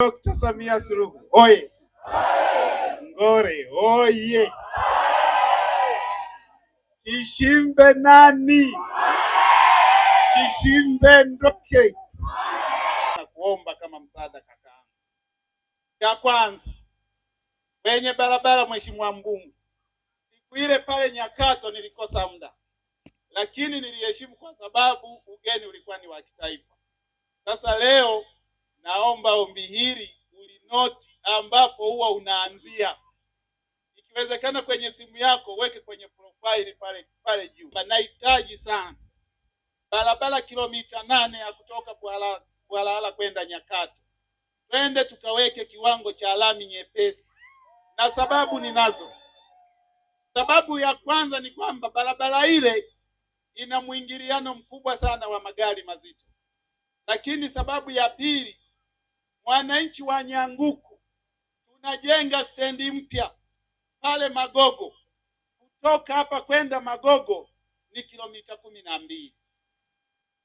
Dkt. Samia Suluhu oye! Ngore oye! Kishimbe nani? Kishimbe Ndoke, nakuomba kama msaada kakaangu. Cha kwanza wenye barabara, mheshimiwa mbunge, siku ile pale Nyakato nilikosa muda, lakini niliheshimu kwa sababu ugeni ulikuwa ni wa kitaifa. Sasa leo naomba ombi hili ulinoti ambapo huwa unaanzia. Ikiwezekana kwenye simu yako uweke kwenye profile pale pale juu. Nahitaji sana barabara kilomita nane ya kutoka Bwalala kwenda Nyakato, twende tukaweke kiwango cha lami nyepesi, na sababu ninazo. Sababu ya kwanza ni kwamba barabara ile ina mwingiliano mkubwa sana wa magari mazito, lakini sababu ya pili Wananchi wa Nyanguku, tunajenga stendi mpya pale Magogo. Kutoka hapa kwenda Magogo ni kilomita kumi na mbili,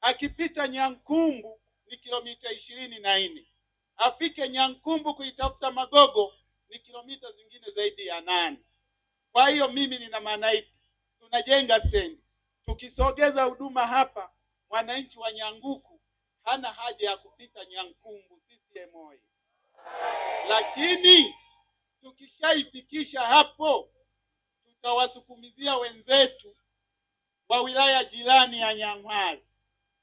akipita Nyankumbu ni kilomita ishirini na nne, afike Nyankumbu kuitafuta Magogo ni kilomita zingine zaidi ya nane. Kwa hiyo mimi nina maana ipi? Tunajenga stendi, tukisogeza huduma hapa, mwananchi wa Nyanguku hana haja ya kupita Nyankumbu CCM oyee! Lakini tukishaifikisha hapo, tutawasukumizia wenzetu wa wilaya jirani ya Nyang'hwale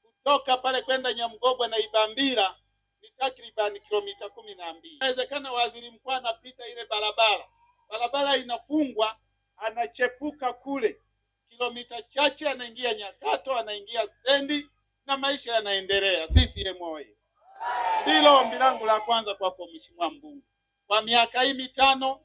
kutoka pale kwenda Nyamgogwa na Ibambira ni takriban kilomita kumi na mbili. Inawezekana waziri mkuu anapita ile barabara, barabara inafungwa, anachepuka kule kilomita chache, anaingia Nyakato, anaingia stendi na maisha yanaendelea. CCM oyee! Ndilo ombi langu la kwanza kwako Mheshimiwa Mbunge, kwa miaka hii mitano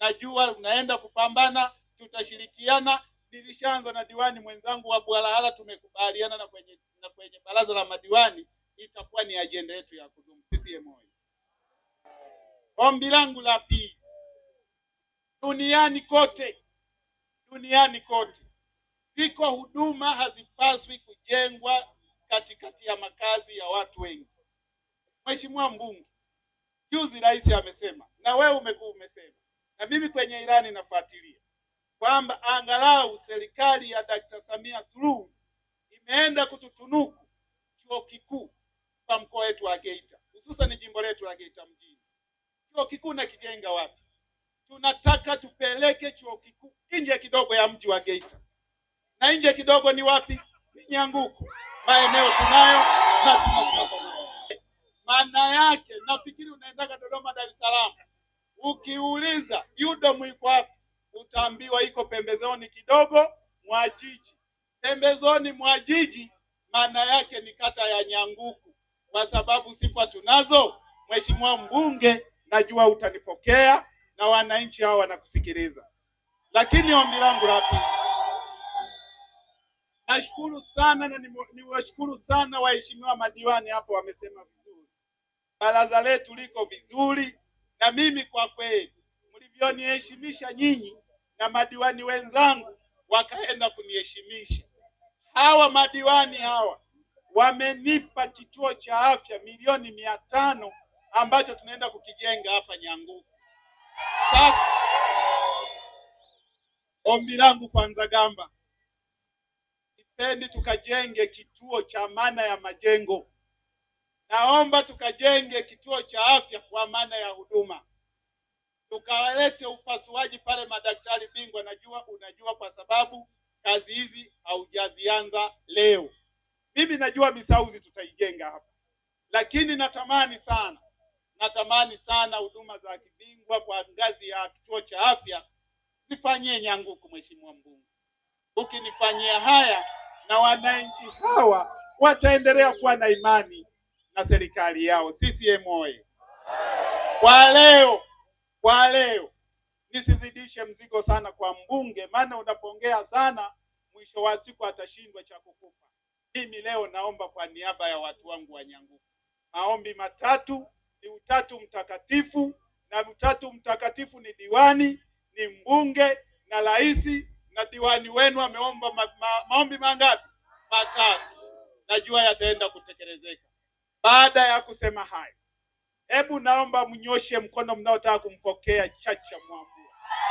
najua unaenda kupambana, tutashirikiana. Nilishaanza na diwani mwenzangu wa Bwalahala, tumekubaliana na kwenye, na kwenye baraza la madiwani itakuwa ni ajenda yetu ya kudumu CCM. Ombi langu la pili, duniani kote, duniani kote ziko huduma hazipaswi kujengwa katikati ya makazi ya watu wengi. Mheshimiwa mbunge, juzi rais amesema na wewe umekuwa umesema na mimi kwenye ilani nafuatilia kwamba angalau serikali ya Dkt. Samia Suluhu imeenda kututunuku chuo kikuu kwa mkoa wetu wa Geita, hususan jimbo letu la Geita mjini. Chuo kikuu na kijenga wapi? Tunataka tupeleke chuo kikuu nje kidogo ya mji wa Geita, na nje kidogo ni wapi? Ni Nyanguku. Maeneo tunayo na maana yake nafikiri unaendaga Dodoma, Dar es Salaam, ukiuliza UDOM iko wapi, utaambiwa iko pembezoni kidogo mwa jiji. Pembezoni mwa jiji maana yake ni kata ya Nyanguku, kwa sababu sifa tunazo. Mheshimiwa mbunge, najua utanipokea na wananchi hao wanakusikiliza. Lakini ombi langu la pili, nashukuru sana na niwashukuru sana waheshimiwa madiwani hapo, wamesema baraza letu liko vizuri, na mimi kwa kweli mlivyoniheshimisha nyinyi na madiwani wenzangu wakaenda kuniheshimisha. Hawa madiwani hawa wamenipa kituo cha afya milioni mia tano ambacho tunaenda kukijenga hapa Nyanguku. Sasa ombi langu kwa Nzagamba, ipendi tukajenge kituo cha maana ya majengo naomba tukajenge kituo cha afya kwa maana ya huduma, tukawalete upasuaji pale madaktari bingwa. Najua unajua, kwa sababu kazi hizi haujazianza leo. Mimi najua Misauzi tutaijenga hapa, lakini natamani sana, natamani sana huduma za kibingwa kwa ngazi ya kituo cha afya zifanyie nyanguku. Mheshimiwa Mbunge, ukinifanyia haya na wananchi hawa wataendelea kuwa na imani na serikali yao. CCM oyee! Kwa leo, kwa leo nisizidishe mzigo sana kwa mbunge, maana unapongea sana mwisho wa siku atashindwa cha kukupa. Mimi leo naomba kwa niaba ya watu wangu wa Nyanguku, maombi matatu ni Utatu Mtakatifu, na Utatu Mtakatifu ni diwani, ni mbunge na rais, na diwani wenu ameomba ma ma maombi mangapi? Matatu. Najua yataenda kutekelezeka. Baada ya kusema hayo, hebu naomba mnyoshe mkono mnaotaka kumpokea Chacha Mwamba.